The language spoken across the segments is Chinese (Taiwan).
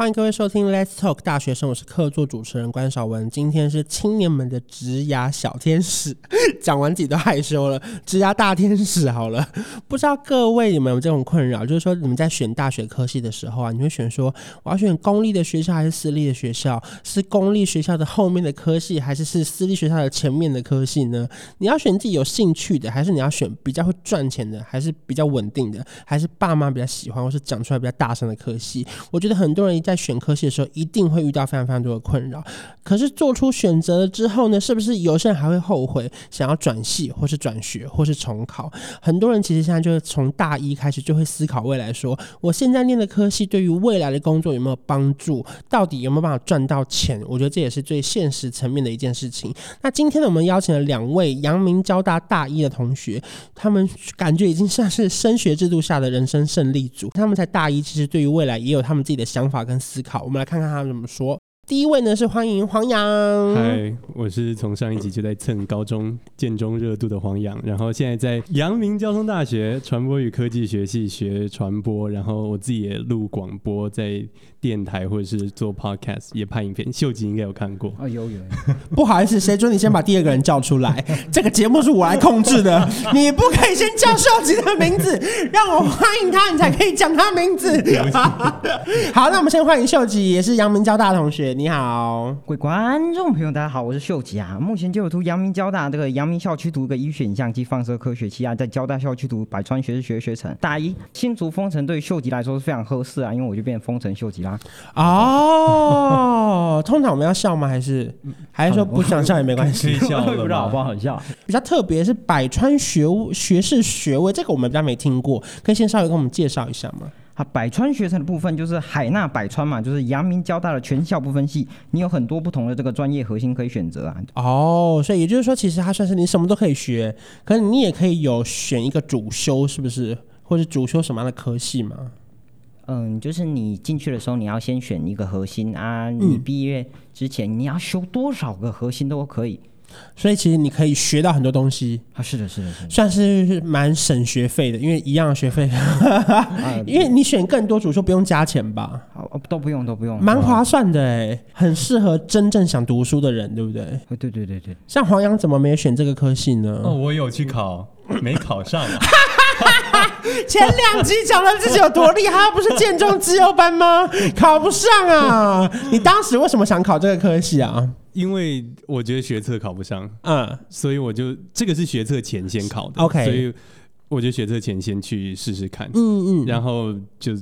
歡迎各位收聽《Let's Talk 大學生》，我是客座主持人關韶文。今天是青年們的「職涯小天使」，講完自己都害羞了，「職涯大天使」。好了，不知道各位有沒有這種困擾？就是說，你們在選大學科系的時候啊，你會選說，我要選公立的學校還是私立的學校？是公立學校的後面的科系，還是是私立學校的前面的科系呢？你要選自己有興趣的，還是你要選比較會賺錢的，還是比較穩定的，還是爸媽比較喜歡，或是講出來比較大聲的科系？我覺得很多人一在選科系的時候，一定會遇到非常非常多的困擾。可是做出選擇了之後呢，是不是有些人還會後悔，想要轉系或是轉學或是重考？很多人其實現在就是從大一開始就會思考未來來說，我現在唸的科系對於未來的工作有沒有幫助？到底有沒有辦法賺到錢？我覺得這也是最現實層面的一件事情。那今天呢，我們邀請了兩位陽明交大大一的同學，他們感覺已經像是升學制度下的人生勝利組。他們在大一其實對於未來也有他們自己的想法跟。思考，我們來看看他怎麼說。第一位呢是歡迎黃暘。嗨，我是從上一集就在蹭高中、嗯、建中熱度的黃暘，然後現在在陽明交通大學傳播與科技學系學傳播，然後我自己也錄廣播，在電台或者是做 podcast，也拍影片。秀吉應該有看過啊。哦，有有，有 不好意思，誰准你先把第二個人叫出來？ 這個節目是我來控制的， 你不可以先叫秀吉的名字， 讓我歡迎他，你才可以講他的名字。 好，那我們先歡迎秀吉，也是陽明交大同學。你好，各位觀眾朋友，大家好，我是秀吉啊。目前就有讀陽明交大這個陽明校區讀一個醫學影像暨放射科學系啊，在交大校區讀百川學士學學程。大一新竹風城對於秀吉來說是非常合適啊，因為我就變成風城秀吉啦。哦， 通常我們要笑嗎？還是還是說不想笑也沒關係？不知道好不好笑，笑？比較特別是百川學物學士學位，這個我們比較沒聽過，可以先稍微跟我們介紹一下嗎？啊，百川學程的部分就是海納百川嘛，就是陽明交大的全校不分系，你有很多不同的這個專業核心可以選擇啊。哦，所以也就是說，其實它算是你什麼都可以學，可是你也可以有選一個主修，是不是？或者主修什麼樣的科系嘛？嗯，就是你進去的時候，你要先選一個核心啊，你畢業之前你要修多少個核心都可以。所以其實你可以學到很多東西啊，是的，是的，是的，算是蠻省學費的，因為一樣的學費，啊、因為你選更多組，比如不用加錢吧，都不用，都不用，蠻划算的哎、欸，啊、很適合真正想讀書的人，對不對？啊、對對對對，像黃暘怎麼沒選這個科系呢？哦，我有去考，沒考上，啊， 前兩集講的自己有多厲害， 不是建中肌肉班嗎？考不上啊？你當時為什麼想考這個科系啊？因為我覺得學測考不上嗯，所以我就這個是學測前先考的。OK，所以我就學測前先去試試看。嗯嗯，嗯然後就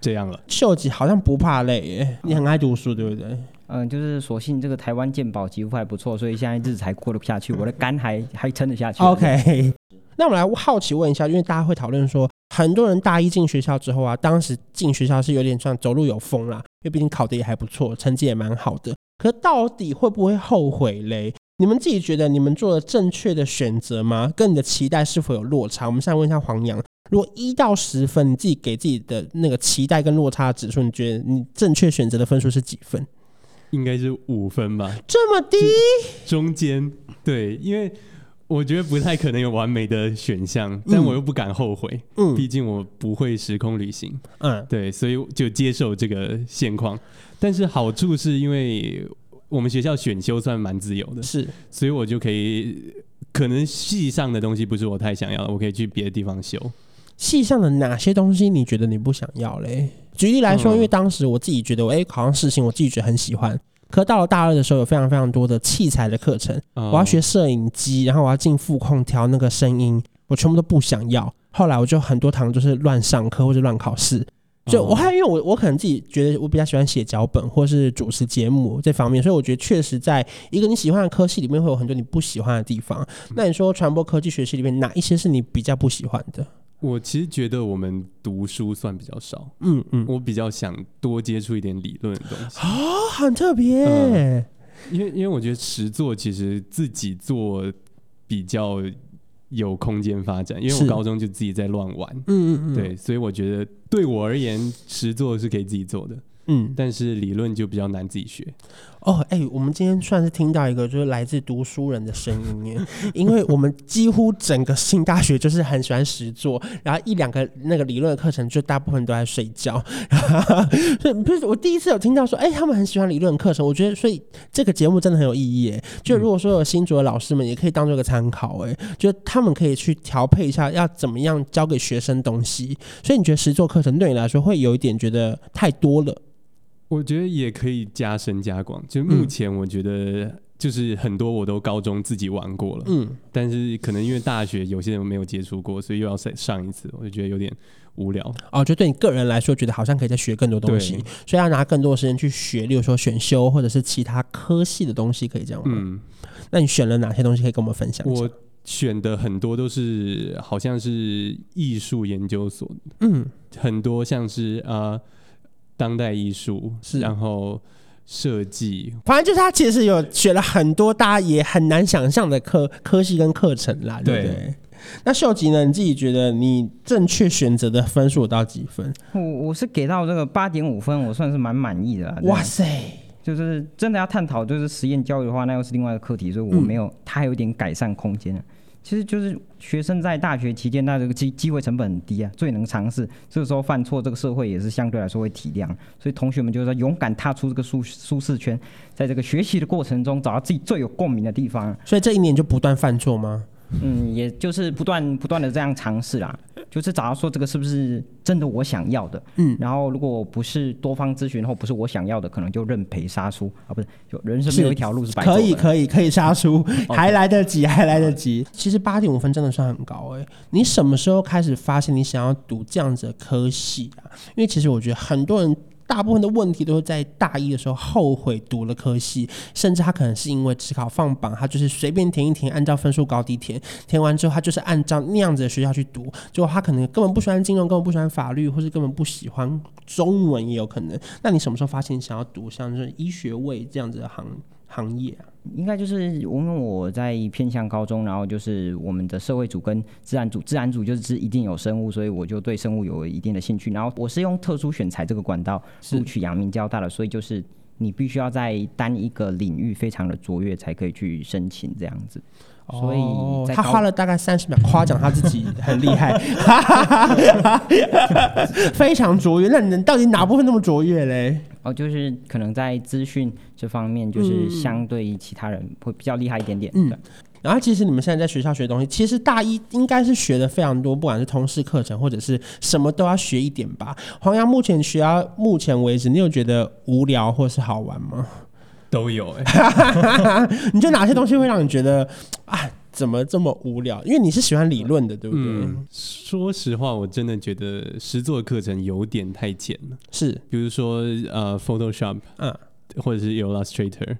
這樣了。秀吉好像不怕累耶，你很愛讀書，對不對？嗯，就是所幸這個台灣健保幾乎還不錯，所以現在日子才過得下去。我的肝還還撐得下去。嗯、對 OK，那我們來好奇問一下，因為大家會討論說，很多人大一進學校之後啊，當時進學校是有點像走路有風啦，因為畢竟考的也還不錯，成績也蠻好的。可到底會不會後悔嘞？你們自己覺得你們做了正確的選擇嗎？跟你的期待，是否有落差？我們現在問一下黃暘，如果一到十分，你自己給自己的那個期待跟落差指數，你覺得你正確選擇的分數是幾分？應該是五分吧？這麼低？中間？對，因為。我覺得不太可能有完美的選項，但我又不敢後悔，嗯，畢、嗯、竟我不會時空旅行，嗯，對，所以就接受這個現況。但是好處是因為我們學校選修算蠻自由的，是，所以我就可以可能系上的東西不是我太想要的，我可以去別的地方修。系上的哪些東西你覺得你不想要嘞？舉例來說，嗯、因為當時我自己覺得我，哎、欸，考上事情我自己覺得很喜歡。可到了大二的時候，有非常非常多的器材的課程，我要學攝影機，然後我要進副控調那個聲音，我全部都不想要。後來我就很多堂都是亂上課或者亂考試。就我還因為我我可能自己覺得我比較喜歡寫腳本或是主持節目這方面，所以我覺得確實在一個你喜歡的科系裡面，會有很多你不喜歡的地方。那你說傳播科技學系裡面哪一些是你比較不喜歡的？我其實覺得我們讀書算比較少，嗯嗯，嗯我比較想多接觸一點理論的東西，啊、哦，很特別，嗯。因為因為我覺得實作其實自己做比較有空間發展，因為我高中就自己在亂玩，嗯嗯是對，所以我覺得對我而言，實作是可以自己做的，嗯，但是理論就比較難自己學。哦，哎、oh, 欸，我們今天算是聽到一個就是來自讀書人的聲音耶， 因為我們幾乎整個新大學就是很喜歡實作， 然後一兩個那個理論的課程，就大部分都在睡覺，所以不是我第一次有聽到說，哎、欸，他們很喜歡理論課程，我覺得所以這個節目真的很有意義哎，就如果說有新竹的老師們也可以當作一個參考哎，就他們可以去調配一下要怎麼樣教給學生東西，所以你覺得實作課程對你來說會有一點覺得太多了？我覺得也可以加深加廣，就目前我覺得就是很多我都高中自己玩過了，嗯，嗯，但是可能因為大學有些人沒有接觸過，所以又要再上一次，我就覺得有點無聊。哦，就對你個人來說，我覺得好像可以再學更多東西，對所以要拿更多的時間去學，例如說選修或者是其他科系的東西，可以這樣嗎？嗯，那你選了哪些東西可以跟我們分享一下？我選的很多都是好像是藝術研究所，嗯，很多像是啊。呃當代藝術，是然後設計，反正就是他其實有學了很多大家也很難想象的科科系跟課程啦，對，對不對？那秀吉呢？你自己覺得你正確選擇的分數到幾分？我我是給到這個八點五分，我算是蠻滿意的啦。哇塞！就是真的要探討，就是實驗教育的話，那又是另外一個課題，所以我沒有，它、嗯、還有點改善空間其實就是學生在大學期間，那這個機機會成本很低啊，最能嘗試。這個時候犯錯，這個社會也是相對來說會體諒。所以同學們就是說勇敢踏出這個舒舒適圈，在這個學習的過程中找到自己最有共鳴的地方。所以這一年就不斷犯錯嗎？嗯，也就是不斷不斷的這樣嘗試啦，就是找到說，這個是不是真的我想要的，嗯，然後如果不是多方諮詢，然後不是我想要的，可能就認賠殺出啊，不是，就人生沒有一條路是白走的，是可以可以可以殺出，還來得及還來得及。其實八點五分真的算很高哎、欸，你什麼時候開始發現你想要讀這樣子的科系啊？因為其實我覺得很多人。大部分的問題都是在大一的時候後悔讀了科系，甚至他可能是因為指考放榜，他就是隨便填一填，按照分數高低填，填完之後他就是按照那樣子的學校去讀，就他可能根本不喜歡金融，根本不喜歡法律，或是根本不喜歡中文也有可能。那你什麼時候發現你想要讀像是醫學院這樣子的行？行業、啊、應該就是我們我在偏向高中，然後就是我們的社會組跟自然組，自然組就是一定有生物，所以我就對生物有一定的興趣。然後我是用特殊選材這個管道錄取陽明交大的，是所以就是你必須要在單一個領域非常的卓越，才可以去申請這樣子。哦、所以他花了大概三十秒誇獎他自己很厲害， 非常卓越。那你到底哪部分那麼卓越嘞？哦，就是可能在資訊這方面，就是相對於其他人會比較厲害一點點的、嗯對嗯。然後，其實你們現在在學校學的東西，其實大一應該是學的非常多，不管是通識課程或者是什麼都要學一點吧。黃暘，目前學到目前為止，你有覺得無聊或是好玩嗎？都有哎、欸， 你覺得哪些東西會讓你覺得啊？怎麼這麼無聊？因為你是喜歡理論的，對不對、嗯？說實話，我真的覺得實作課程有點太簡了。是，比如說呃，Photoshop，啊、嗯，或者是 Illustrator，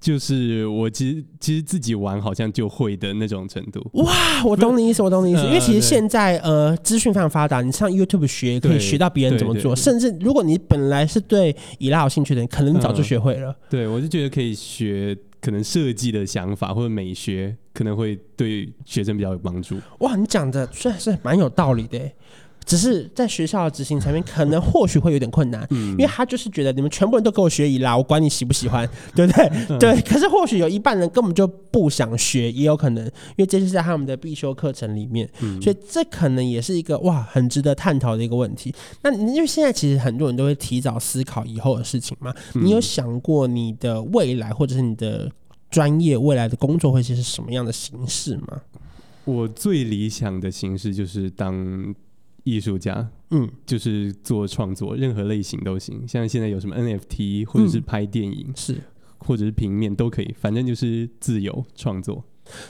就是我其實其實自己玩好像就會的那種程度。哇，我懂你意思，不我懂你意思。呃、因為其實現在對呃，資訊非常發達，你上 YouTube 學可以學到別人怎麼做，對對對，甚至如果你本來是對伊拉有興趣的人，可能你早就學會了。嗯、對，我就覺得可以學可能設計的想法或者美學。可能會對學生比較有幫助。哇，你講的雖然是蠻有道理的，只是在學校的執行層面，可能或許會有點困難。嗯、因為他就是覺得你們全部人都給我學醫啦，我管你喜不喜歡，嗯、對不對？嗯、對。可是或許有一半人根本就不想學，也有可能，因為這就是在他們的必修課程裡面，嗯、所以這可能也是一個哇，很值得探討的一個問題。那因為現在其實很多人都會提早思考以後的事情嘛，你有想過你的未來或者是你的？專業未來的工作會是什麼樣的形式嗎？我最理想的形式就是當藝術家，嗯，就是做創作，任何類型都行，像現在有什麼 NFT，或者是拍電影，嗯、是，或者是平面都可以，反正就是自由創作。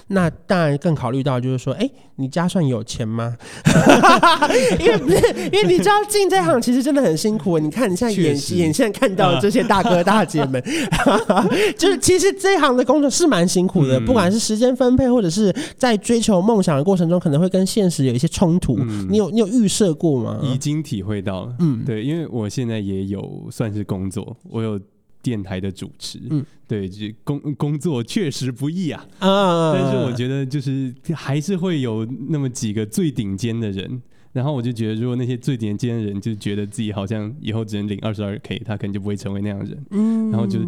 那當然更考慮到就是說，哎、欸，你家算有錢嗎 因為不是，因為你知道進這行其實真的很辛苦。你看你現在演，實你像眼眼現在看到這些大哥大姐們， 就是其實這一行的工作是蠻辛苦的，嗯、不管是時間分配，或者是在追求夢想的過程中，可能會跟現實有一些衝突，嗯，你。你有你有預設過嗎？已經體會到了，嗯，對，因為我現在也有算是工作，我有。電台的主持，嗯，對，這工工作確實不易啊。啊、嗯，但是我覺得就是還是會有那麼幾個最頂尖的人。然後我就覺得，如果那些最頂尖的人就覺得自己好像以後只能領二十二 k，他可能就不會成為那樣的人。嗯，然後就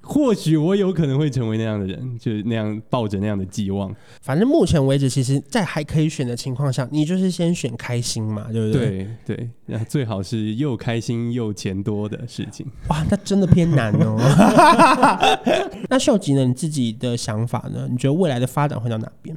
或許我有可能會成為那樣的人，就是那樣抱着那樣的寄望。反正目前為止，其實在還可以選的情況下，你就是先選開心嘛，對不對？對對，對然後，最好是又開心又錢多的事情。哇，那真的偏難哦。那秀吉呢？你自己的想法呢？你覺得未來的發展會到哪邊？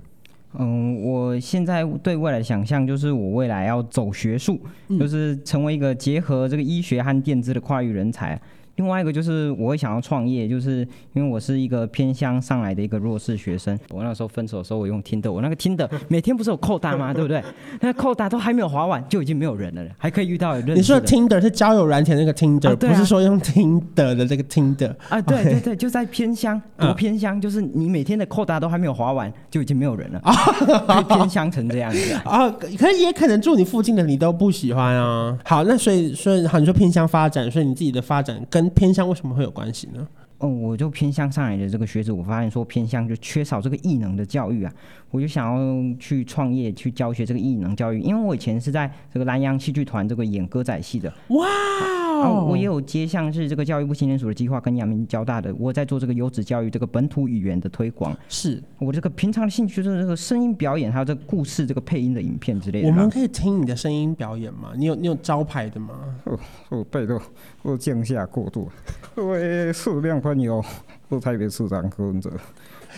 嗯，我現在對未來想象就是我未來要走學術，嗯、就是成為一個結合這個醫學和電子的跨域人才。另外一個就是我會想要創業，就是因為我是一個偏鄉上來的一個弱勢學生。我那時候分手的時候，我用 Tinder，我那個 Tinder 每天不是有扣打嗎？ 對不對？那個扣打都還沒有滑完，就已經沒有人了，還可以遇到的。你說 Tinder 是交友軟件那個 Tinder，、啊啊、不是說用 Tinder 的這個 Tinder 啊？對對對，Okay 就在偏鄉，讀偏鄉、嗯、就是你每天的扣打都還沒有滑完，就已經沒有人了，啊， 可以偏鄉成這樣子啊？ 啊可也可能住你附近的你都不喜歡啊。好，那所以所以好你說偏鄉發展，所以你自己的發展跟偏鄉為什麼會有關係呢？哦，我就偏鄉上來的這個學子，我發現說偏鄉就缺少這個藝能的教育啊，我就想要去創業去教學這個藝能教育，因為我以前是在這個南洋戲劇團這個演歌仔戲的。哇 Wow!！啊、我也有接，像是這個教育部青年署的計劃，跟陽明交大的，我在做這個優質教育，這個本土語言的推廣是。是我這個平常的興趣就是這個聲音表演，還有這個故事這個配音的影片之類的。我們可以聽你的聲音表演嗎？你有你有招牌的嗎？哦哦、我我背個我降下過度，各位善良朋友，我特別市長跟着、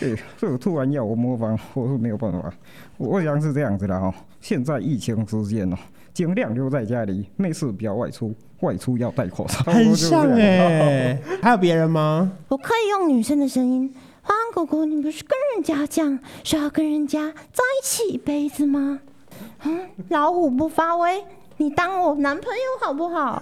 哎，所以這個突然要我模仿，我是沒有辦法，我像是這樣子的哦。現在疫情期間哦、啊，盡量留在家裡，沒事不要外出。外出要戴口罩。很像還、欸、呵有別人嗎？我可以用女生的聲音。花花狗狗，你不是跟人家講說要跟人家在一起一輩子嗎？嗯，老虎不發威。你當我男朋友好不好？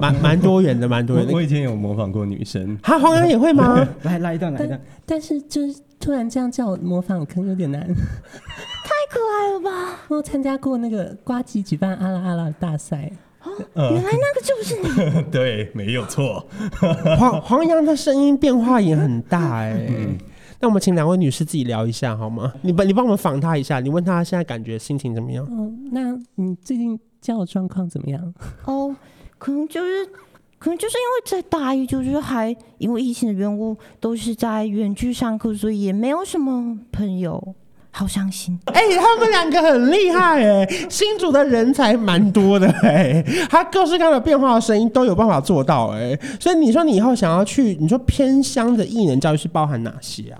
蠻蠻 多元的，蠻多元的。我以前有模仿過女生，哈、啊、黃暘也會嗎？ 來拉一段，來一段但。但是就是突然這樣叫我模仿，可能有點難。 太可愛了吧！我參加過那個呱吉舉辦阿拉阿拉大賽哦，原、呃、來那個就是你。 對，沒有錯。 黃黃暘的聲音變化也很大、欸。 嗯那我們請兩位女士自己聊一下好嗎？你幫你幫我們訪她一下，你問她現在感覺心情怎麼樣？嗯、哦，那你最近教狀況怎麼樣？哦，可能就是，可能就是因為在大一，就是還因為疫情的緣故，都是在遠距上課，所以也沒有什麼朋友，好傷心。誒、欸，他們兩個很厲害誒、欸， 新主的人才蠻多的誒、欸，他各式各樣的變化的聲音都有辦法做到誒、欸。所以你說你以後想要去，你說偏鄉的藝能教育是包含哪些啊？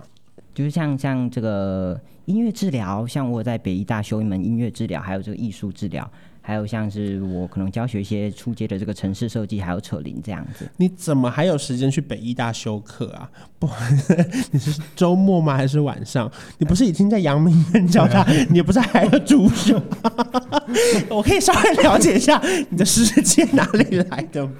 就是像像這個音樂治療，像我在北醫大修一門音樂治療，還有這個藝術治療，還有像是我可能教學一些初階的這個城市設計，還有扯鈴這樣子。你怎麼還有時間去北醫大修課啊？不，呵呵，你是周末嗎？還是晚上？你不是已經在陽明門教他？啊、你也不是還要主修？ 我可以稍微了解一下你的時間哪裡來的嗎？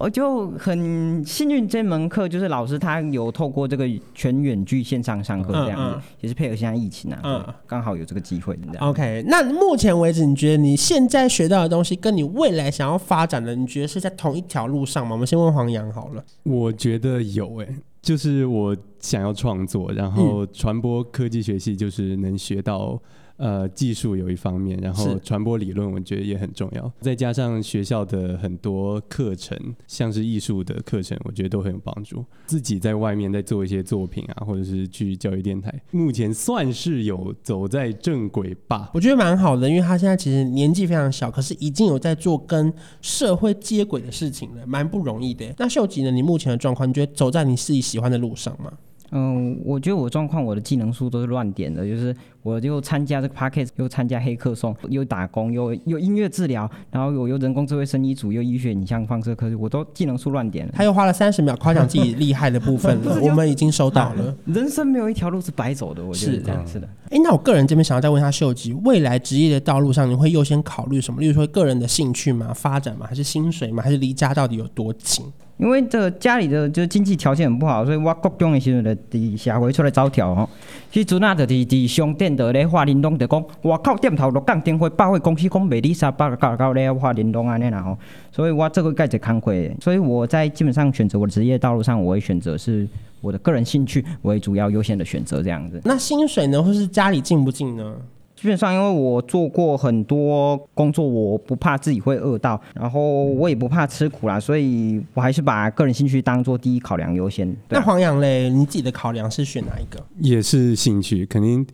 我就很幸運，這門課就是老師他有透過這個全遠距線上上課這樣子，嗯嗯、也是配合現在疫情啊，剛、嗯、好有這個機會。OK，那目前為止，你覺得你現在學到的東西，跟你未來想要發展的，你覺得是在同一條路上嗎？我們先問黃暘好了。我覺得有誒、欸，就是我想要創作，然後傳播科技學系就是能學到。呃，技術有一方面，然後傳播理論我覺得也很重要，是再加上學校的很多課程，像是藝術的課程，我覺得都很有幫助。自己在外面再做一些作品啊，或者是去教育電台，目前算是有走在正軌吧。我覺得蠻好的，因為他現在其實年紀非常小，可是已經有在做跟社會接軌的事情了，蠻不容易的。那秀吉呢？你目前的狀況，你覺得走在你自己喜歡的路上嗎？嗯，我覺得我狀況，我的技能樹都是亂點的，就是我又參加這個 podcast，又參加黑客松，又打工，又又音樂治療，然後我又人工智慧生醫組，又醫學影像放射科，我都技能樹亂點。他又花了三十秒誇獎自己厲害的部分了， 我們已經收到了。 人生沒有一條路是白走的，我覺得這樣子的。是的。是啊。哎、嗯欸，那我個人這邊想要再問他秀吉，未來職業的道路上，你會優先考慮什麼？例如說個人的興趣嗎、發展嗎，還是薪水嗎，還是離家到底有多近？因為這家裡的就是經濟條件很不好，所以我國中的時候就佇下會出來招條哦，去陣啊，的是佇商店的咧花林東，的講我靠，店頭都講電話，百貨公司講美麗莎百嘎嘎搞咧，花林東安咧啦吼。所以我這個蓋是康虧。所以我在基本上選擇我的職業道路上，我會選擇是我的個人興趣為主要優先的選擇這樣子。那薪水呢，或是家裡進不進呢？基本上，因為我做過很多工作，我不怕自己會餓到，然後我也不怕吃苦啦，所以我還是把個人興趣當做第一考量優先。啊、那黃暘嘞，你自己的考量是選哪一個？也是興趣，肯定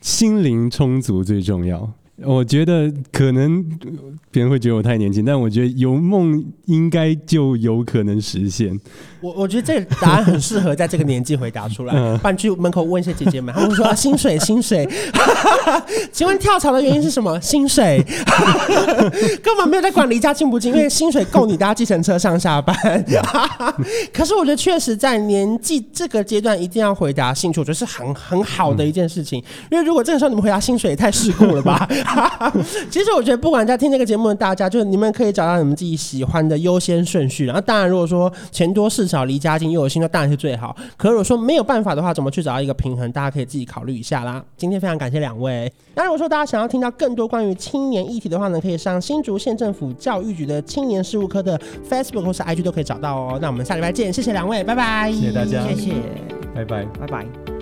心靈充足最重要。我覺得可能別人會覺得我太年輕，但我覺得有夢應該就有可能實現。我我覺得這個答案很適合在這個年紀回答出來。嗯，不然去門口問一下姐姐們，他、嗯、們說薪、啊、水薪水，薪水 請問跳槽的原因是什麼？薪水， 根本沒有在管離家近不近，因為薪水夠你搭計程車上下班。 可是我覺得確實在年紀這個階段一定要回答薪水，我覺得是很很好的一件事情。嗯、因為如果這個時候你們回答薪水，也太世故了吧？嗯 其實我覺得，不管在聽這個節目的大家，就是你們可以找到你們自己喜歡的優先順序。然後，當然，如果說錢多事少、離家近又有心，當然是最好。可如果說沒有辦法的話，怎麼去找到一個平衡，大家可以自己考慮一下啦。今天非常感謝兩位。那如果說大家想要聽到更多關於青年議題的話呢，可以上新竹縣政府教育局的青年事務科的 Facebook 或是 IG 都可以找到哦。那我們下禮拜見，謝謝兩位，拜拜，謝謝大家，謝謝，拜拜，拜拜。